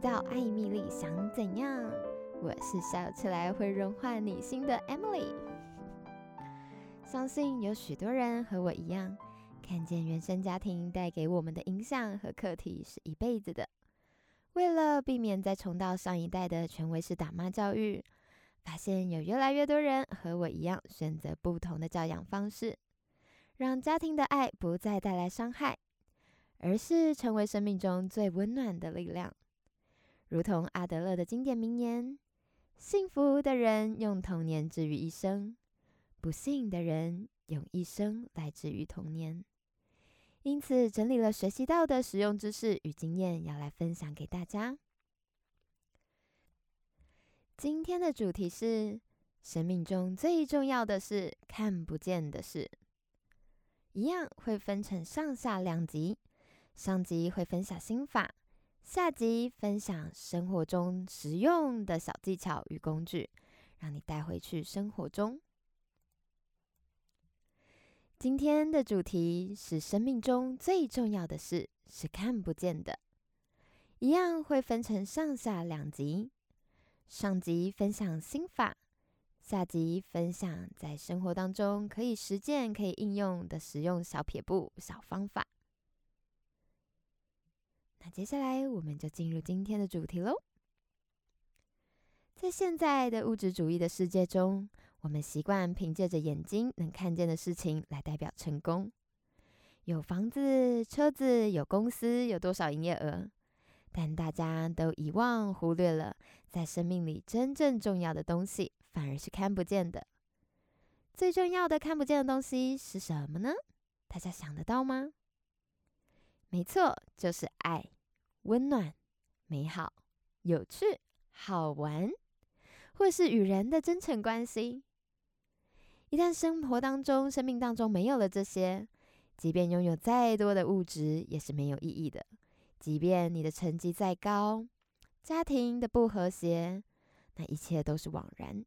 到艾蜜莉想怎樣？我是笑起來會融化你心的 Emily。相信有許多人和我一樣，看見原生家庭帶給我們的影響和課題是一輩子的。為了避免再重蹈上一代的權威式打罵教育，發現有越來越多人和我一樣選擇不同的教養方式，讓家庭的愛不再帶來傷害，而是成為生命中最溫暖的力量。如同阿德勒的經典名言：“幸福的人用童年治癒一生，不幸的人用一生來治癒童年。”因此，整理了學習到的實用知識與經驗，要來分享給大家。今天的主題是：生命中最重要的事，看不見的事，一樣會分成上下兩集。上集會分享心法。下集分享生活中實用的小技巧與工具，讓你帶回去生活中。今天的主題是生命中最重要的事，是看不見的，一樣會分成上下兩集。上集分享心法，下集分享在生活當中可以實踐、可以應用的實用小撇步、小方法。那接下來我們就進入今天的主題嘍。在現在的物質主義的世界中，我們習慣憑借着眼睛能看見的事情來代表成功，有房子、車子、有公司、有多少營業額，但大家都遺忘、忽略了，在生命裡真正重要的東西，反而是看不見的。最重要的看不見的東西是什麼呢？大家想得到嗎？沒錯，就是愛、溫暖、美好、有趣、好玩，或是與人的真誠關係。一旦生活當中、生命當中沒有了這些，即便擁有再多的物質，也是沒有意義的。即便你的成績再高，家庭的不和諧，那一切都是枉然。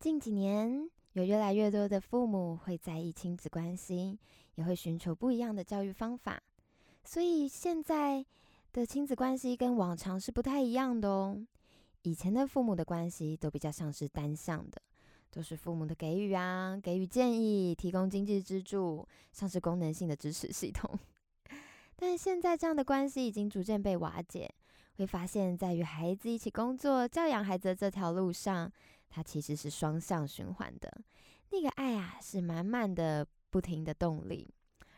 近幾年，有越來越多的父母會在意親子關係，也會尋求不一樣的教育方法，所以現在的親子關係跟往常是不太一樣的哦。以前的父母的關係都比較像是單向的，都是父母的給予啊，給予建議，提供經濟支柱，像是功能性的支持系統。 但現在這樣的關係已經逐漸被瓦解，會發現在與孩子一起工作、教養孩子的這條路上。它其實是雙向循環的，那個愛啊，是滿滿的、不停的動力，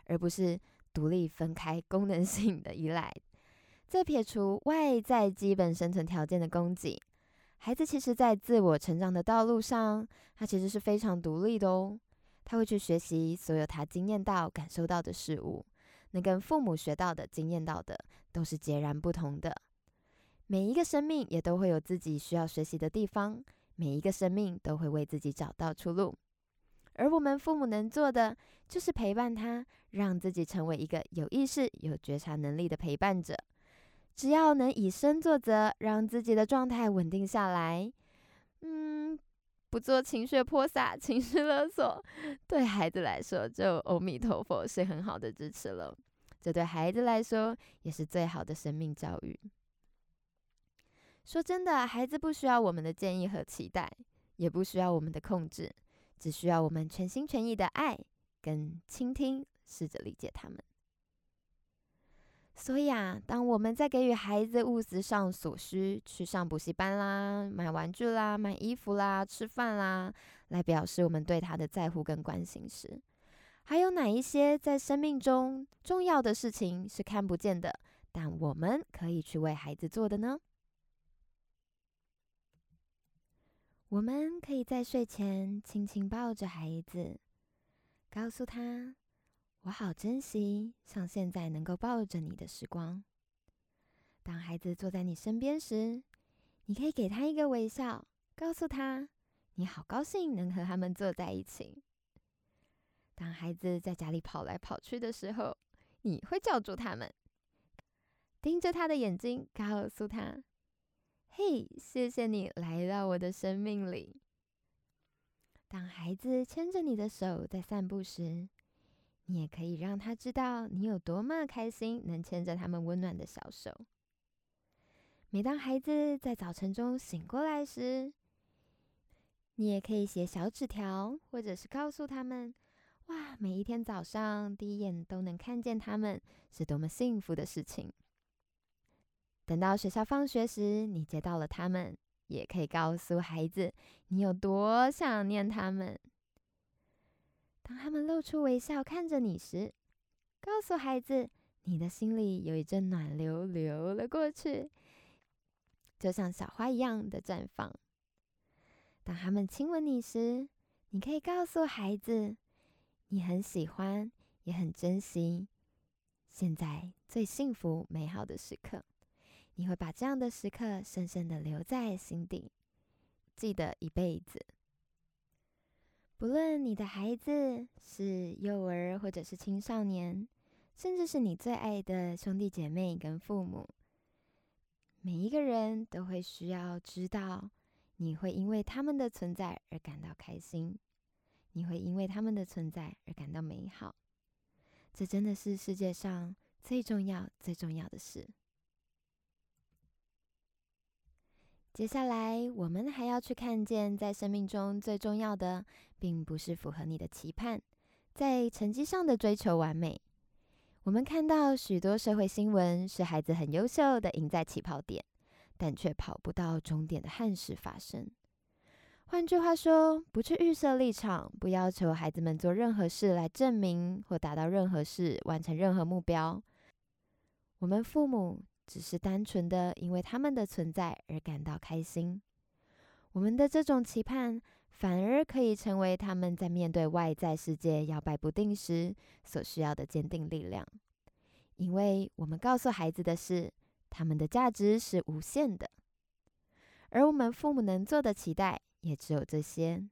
而不是獨立分開功能性的依賴。在撇除外在基本生存條件的供給，孩子其實，在自我成長的道路上，他其實是非常獨立的哦。他會去學習所有他經驗到、感受到的事物，能跟父母學到的經驗到的，都是截然不同的。每一個生命也都會有自己需要學習的地方。每一個生命都會為自己找到出路，而我們父母能做的就是陪伴他，讓自己成為一個有意識、有覺察能力的陪伴者。只要能以身作則，讓自己的狀態穩定下來，嗯，不做情緒潑灑、情緒勒索，對孩子來說就阿彌陀佛是很好的支持了。這對孩子來說也是最好的生命教育。說真的，孩子不需要我們的建議和期待，也不需要我們的控制，只需要我們全心全意的愛跟傾聽，試着理解他們。所以啊，當我們在給予孩子物質上所需，去上補習班啦、買玩具啦、買衣服啦、吃飯啦，來表示我們對他的在乎跟關心時，還有哪一些在生命中重要的事情是看不見的，但我們可以去為孩子做的呢？我們可以在睡前輕輕抱着孩子，告訴他：“我好珍惜像現在能夠抱着你的時光。”當孩子坐在你身邊時，你可以給他一個微笑，告訴他：“你好高興能和他們坐在一起。”當孩子在家裡跑來跑去的時候，你會叫住他們，盯着他的眼睛，告訴他。嘿，hey，謝謝你來到我的生命裡。當孩子牽着你的手在散步時，你也可以讓他知道你有多麼開心能牽着他們溫暖的小手。每當孩子在早晨中醒過來時，你也可以寫小紙條，或者是告訴他們：哇，每一天早上第一眼都能看見他們是多麼幸福的事情。等到學校放學時，你接到了他們，也可以告訴孩子你有多想念他們。當他們露出微笑看着你時，告訴孩子你的心裡有一陣暖流流了過去，就像小花一樣的綻放。當他們親吻你時，你可以告訴孩子你很喜歡，也很珍惜現在最幸福美好的時刻。你會把這樣的時刻深深的留在心底，記得一輩子。不論你的孩子是幼兒或者是青少年，甚至是你最愛的兄弟姐妹跟父母，每一個人都會需要知道，你會因為他們的存在而感到開心，你會因為他們的存在而感到美好。這真的是世界上最重要最重要的事。接下來，我們還要去看見，在生命中最重要的，並不是符合你的期盼，在成績上的追求完美。我們看到許多社會新聞，是孩子很優秀的，贏在起跑點，但卻跑不到終點的憾事發生。換句話說，不去預設立場，不要求孩子們做任何事來證明或達到任何事，完成任何目標。我們父母。只是單純的因為他們的存在而感到開心。我們的這種期盼，反而可以成為他們在面對外在世界搖擺不定時所需要的堅定力量。因為我們告訴孩子的是，他們的價值是無限的，而我們父母能做的期待也只有這些。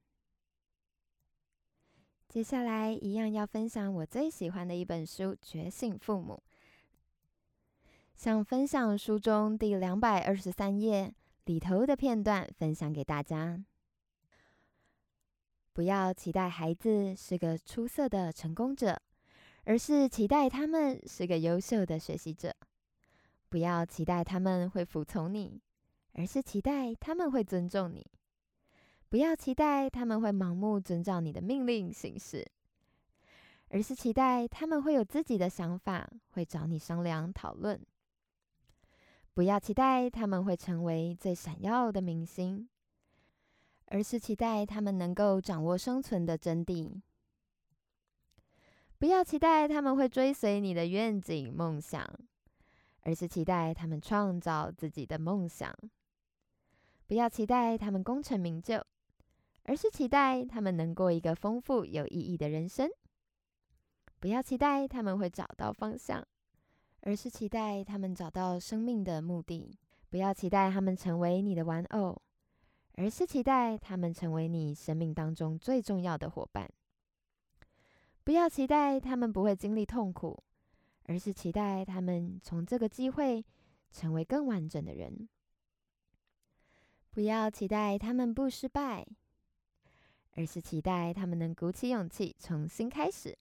接下來一樣要分享我最喜歡的一本書《覺醒父母》。想分享書中第兩百二十三頁裡頭的片段，分享給大家。不要期待孩子是個出色的成功者，而是期待他們是個優秀的學習者。不要期待他們會服從你，而是期待他們會尊重你。不要期待他們會盲目遵照你的命令行事，而是期待他們會有自己的想法，會找你商量討論。不要期待他們會成為最閃耀的明星，而是期待他們能夠掌握生存的真諦。不要期待他們會追隨你的願景夢想，而是期待他們創造自己的夢想。不要期待他們功成名就，而是期待他們能過一個豐富有意義的人生。不要期待他們會找到方向，而是期待他們找到生命的目的，不要期待他們成為你的玩偶，而是期待他們成為你生命當中最重要的夥伴。不要期待他們不會經歷痛苦，而是期待他們從這個機會成為更完整的人。不要期待他們不失敗，而是期待他們能鼓起勇氣重新開始。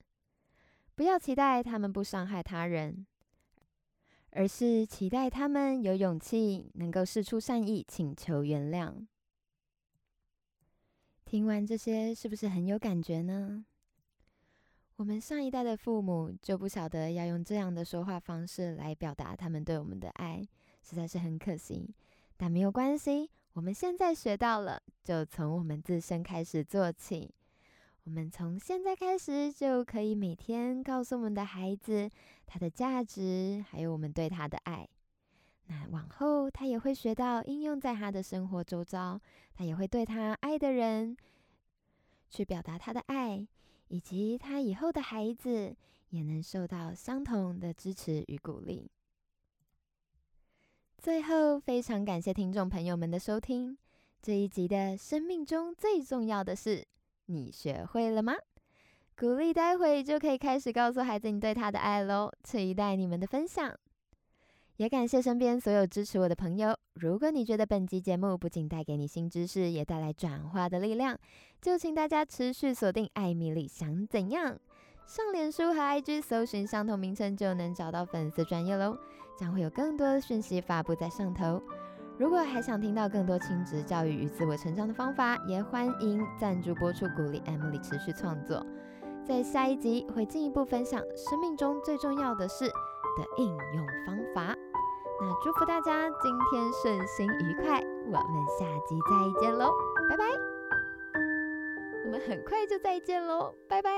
不要期待他們不傷害他人。而是期待他們有勇氣，能夠釋出善意，請求原諒。聽完這些，是不是很有感覺呢？我們上一代的父母就不曉得要用這樣的說話方式來表達他們對我們的愛，實在是很可惜。但沒有關係，我們現在學到了，就從我們自身開始做起。我們從現在開始就可以每天告訴我們的孩子他的價值，還有我們對他的愛。那往後他也會學到應用在他的生活周遭，他也會對他愛的人去表達他的愛，以及他以後的孩子也能受到相同的支持與鼓勵。最後，非常感謝聽眾朋友們的收聽，這一集的《生命中最重要的事》。你學會了嗎？鼓勵，待會就可以開始告訴孩子你對他的愛嘍。期待你們的分享，也感謝身邊所有支持我的朋友。如果你覺得本集節目不僅帶給你新知識，也帶來轉化的力量，就請大家持續鎖定艾蜜莉想怎樣。上臉書和 IG 搜尋相同名稱，就能找到粉絲專頁嘍。將會有更多的訊息發布在上頭。如果還想聽到更多親職教育與自我成長的方法，也歡迎贊助播出，鼓勵 Emily 持續創作。在下一集會進一步分享生命中最重要的事的應用方法。那祝福大家今天順心愉快，我們下集再見嘍，拜拜。我們很快就再見嘍，拜拜。